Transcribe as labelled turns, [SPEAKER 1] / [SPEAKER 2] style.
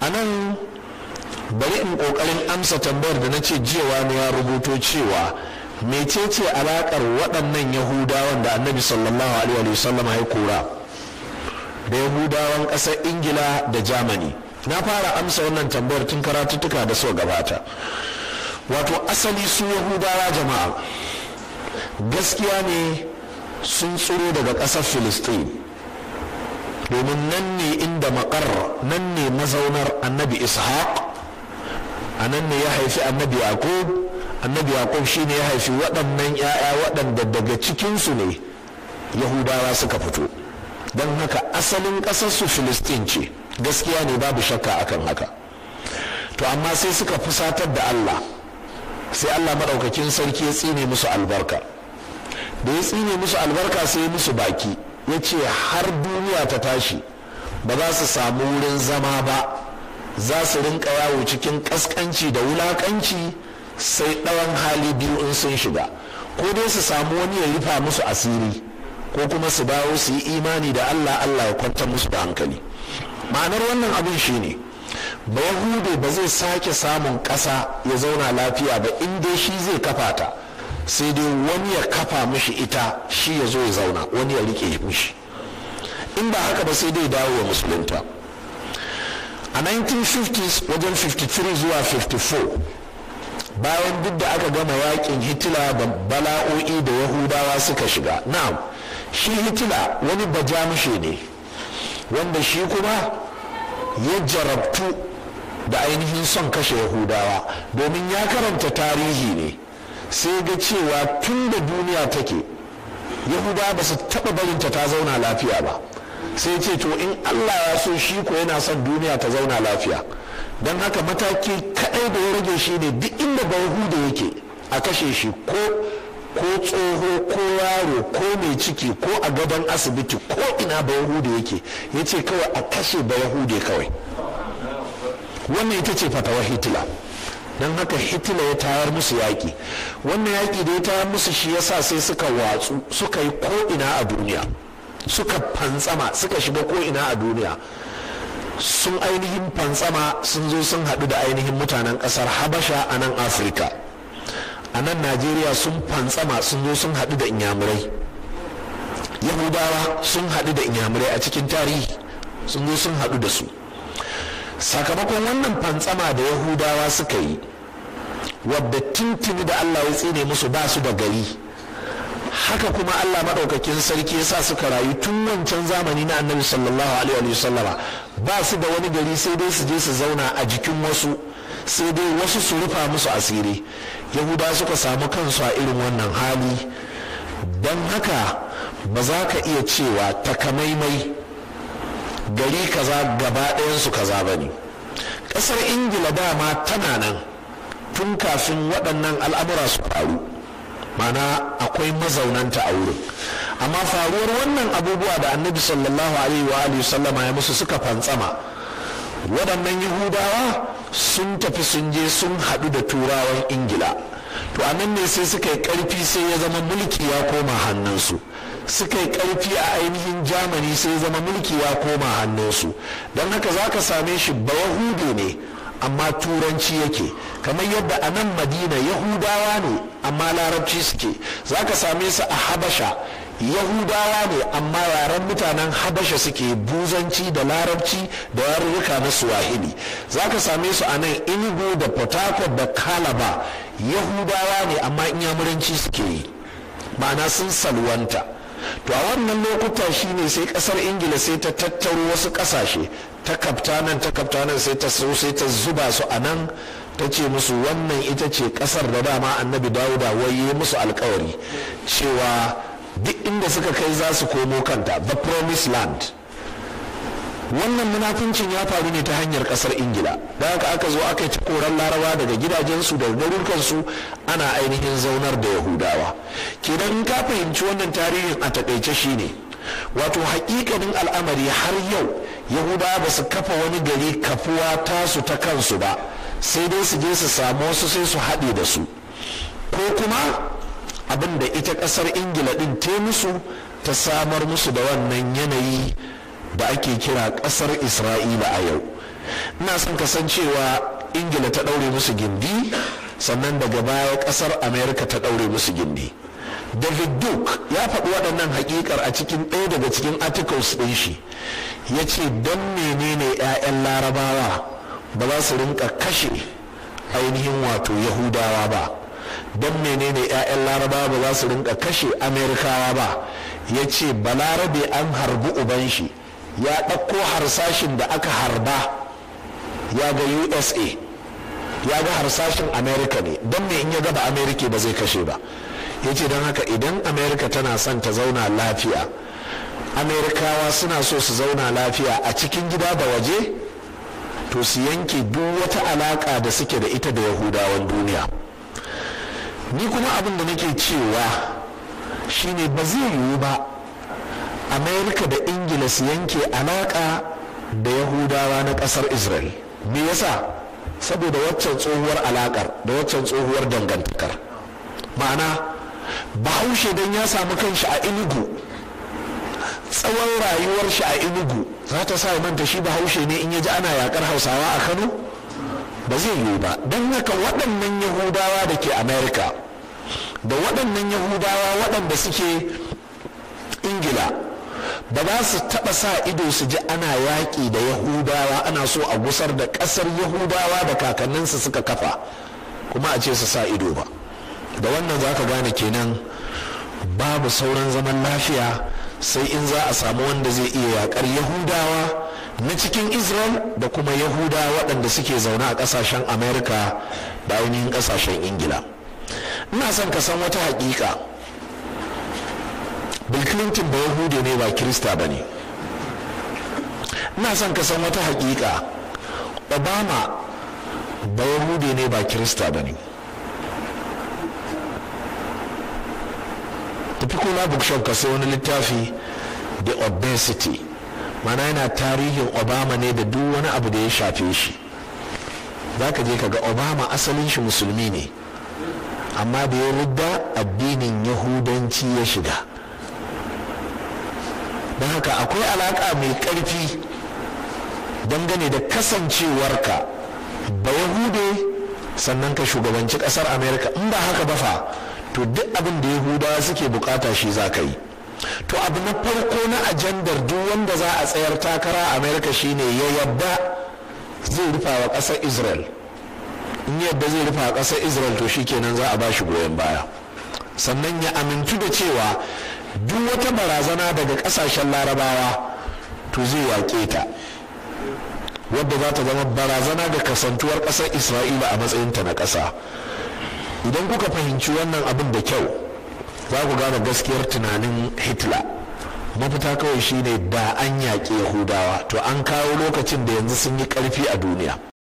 [SPEAKER 1] a nan bari in kokarin amsa tambayar da na ce jiya ne ya rubuto cewa mecece alaƙar waɗannan yahudawan da annabi sallallahu alaihi wasallam ya kura da yahudawan ƙasar ingila da germany na fara amsa wannan tambayar tun karatuttuka da so gabata wato asali su yahudawa jama'a gaskiya ne sun tsoro daga ƙasar filistin domin nan ne inda makar nan ne mazaunar annabi ishaq a nan ne ya haifi annabi yaqub annabi yaqub shine ya haifi waɗannan 'ya'ya waɗanda daga cikinsu ne yahudawa suka fito don haka asalin ƙasarsu filistin ce gaskiya ne babu shakka akan haka to amma sai suka fusatar da allah sai allah maɗaukakin sarki ya tsine musu albarka da ya tsine musu albarka sai musu baki ya ce har duniya ta tashi ba za su samu wurin zama ba za su rinka yawo cikin ƙasƙanci da wulaƙanci sai ɗawan hali biyu in sun shiga ko dai su samu wani ya rufa musu asiri ko kuma su dawo su yi imani da allah allah ya kwanta musu da hankali ma'anar wannan abin shi ne ba hude ba zai sake samun ƙasa ya zauna lafiya ba inda shi zai kafa ta sai dai wani ya kafa mishi ita shi ya zo ya zauna wani ya rike mishi in ba haka ba sai dai dawo wa musulunta a 1950s wajen 53 zuwa 54 bayan duk da aka gama yakin hitila bala'o'i da yahudawa suka shiga na'am shi hitila wani bajamushe ne wanda shi kuma ya jarabtu da ainihin son kashe yahudawa domin ya karanta tarihi ne sai ga cewa tun da duniya take yahuda ba su taɓa barinta ta zauna lafiya ba sai ce to in allah ya so shi ko yana son duniya ta zauna lafiya don haka mataki kaɗai da ya rage shi ne duk inda ba yahuda yake a kashe shi ko ko tsoho ko yaro ko mai ciki ko a gadon asibiti ko ina ba yake ya ce kawai a kashe ba kawai wannan ita ce fatawar hitler don haka hitler ya tayar musu yaƙi wannan yaƙi da ya tayar musu shi yasa sai suka watsu suka yi ko'ina a duniya suka fantsama suka shiga ko'ina a duniya sun ainihin fantsama sun zo sun haɗu da ainihin mutanen ƙasar habasha a nan afirka a nan najeriya sun fantsama sun zo sun haɗu da inyamurai yahudawa sun haɗu da inyamurai a cikin tarihi sun zo sun haɗu da su sakamakon wannan fantsama da yahudawa suka yi wadda tuntuni da Allah ya tsine musu ba su da gari haka kuma Allah maɗaukakin sarki ya sa suka rayu tun wancan zamani na annabi sallallahu alaihi wasallama ba su da wani gari sai dai su je su zauna a jikin wasu sai dai wasu su rufa musu asiri yahuda suka samu kansu a irin wannan hali don haka ba za ka iya cewa takamaimai gari kaza gaba ɗayansu kaza ba ne ƙasar ingila dama tana nan tun kafin waɗannan al'amura su faru mana akwai mazaunanta a wurin amma faruwar wannan abubuwa da annabi sallallahu alaihi wa alihi sallama ya musu suka fantsama waɗannan yahudawa sun tafi sun je sun haɗu da turawan ingila to a nan ne sai suka yi ƙarfi sai ya zama mulki ya koma hannunsu suka yi ƙarfi a ainihin jamani sai ya zama mulki ya koma hannunsu don haka za ka same shi ba ne amma turanci yake kamar yadda a nan madina yahudawa ne amma larabci suke za ka same su a habasha yahudawa ne amma yaren mutanen habasha suke buzanci da larabci da yarurruka na suwahili za ka same su a nan inigo da port da kalaba yahudawa ne amma inyamuranci suke yi ma'ana sun salwanta to a wannan lokuta shine sai kasar ingila sai ta tattaro wasu kasashe ta kafta ta kafta sai ta so sai ta zuba su a nan ta ce musu wannan ita ce kasar da dama annabi dawuda waye musu alkawari cewa duk inda suka kai za su komo kanta the promised land wannan munafincin ya faru ne ta hanyar kasar ingila da haka aka zo aka ci koran laraba daga gidajensu da garurkansu ana ainihin zaunar da yahudawa kenan in ka fahimci wannan tarihin a takaice shine wato hakikanin al'amari har yau yahudawa ba su kafa wani gari kafuwa tasu ta kansu ba sai dai su je su samu wasu sai su haɗe da su ko kuma abin da ita ƙasar ingila ɗin ta musu ta samar musu da wannan yanayi da ake kira kasar isra'ila a yau ina son kasancewa ingila ta daure musu gindi sannan daga baya kasar america ta daure musu gindi david duke ya faɗi waɗannan hakikar a cikin ɗaya daga cikin articles ɗin shi ya ce don menene 'ya'yan larabawa ba za su rinka kashe ainihin wato yahudawa ba don menene 'ya'yan larabawa ba za su rinka kashe amerikawa ba ya ce balarabe an harbi uban shi ya ɗauko harsashin da aka harba ya ga usa ya ga harsashin america ne don me in ya gaba america ba zai kashe ba ya ce don haka idan america tana son ta zauna lafiya amerikawa suna so su zauna lafiya a cikin gida da waje to su yanke duk wata alaka da suke da ita da yahudawan duniya ni kuma abin da nake cewa shine ba zai yiwu ba amerika da ingila su yanke alaƙa da yahudawa na ƙasar israel me yasa saboda waccan tsohuwar alaƙar da waccan tsohuwar dangantakar ma'ana bahaushe don ya samu kanshi a inugu tsawon rayuwar shi a inugu za ta sa manta shi bahaushe ne in ya ji ana yakar hausawa a kano ba zai yiwu ba don haka waɗannan yahudawa da ke amerika da waɗannan yahudawa waɗanda suke ingila ba za su taɓa sa ido su ji ana yaƙi da yahudawa ana so a gusar da ƙasar yahudawa da kakanninsu suka kafa kuma a ce su sa ido ba da wannan za ka gane kenan babu sauran zaman lafiya sai in za a samu wanda zai iya yaƙar yahudawa na cikin israel da kuma yahudawa waɗanda suke zaune a ƙasashen amerika da ainihin ƙasashen ingila ina son ka san wata haƙiƙa bill clinton ba hude ne ba kirista ba ne ina son ka san wata hakika obama ba hude ne ba kirista ba ne tafi kuna bookshop ka sai wani littafi da obesity mana yana tarihin obama ne da duk wani abu da ya shafe shi za ka je ka ga obama asalin shi musulmi ne amma da ya rudda addinin yahudanci ya shiga don haka akwai alaƙa mai ƙarfi dangane da kasancewarka ba yahude sannan ka shugabanci ƙasar amerika in ba haka ba fa to duk abin da yahudawa suke bukata shi za ka yi to abu na farko na ajandar duk wanda za a tsayar takara amerika shine ya yadda zai rufa wa ƙasar israel in yadda zai rufa wa ƙasar israel to shikenan za a ba shi goyon baya sannan ya amintu da cewa duk wata barazana daga kasashen larabawa to zai yaƙe ta wadda za ta zama barazana ga kasantuwar ƙasar isra'ila a matsayinta na ƙasa idan kuka fahimci wannan abin da kyau za ku gane gaskiyar tunanin hitler mafita kawai shine da an yaƙi yahudawa to an kawo lokacin da yanzu sun yi ƙarfi a duniya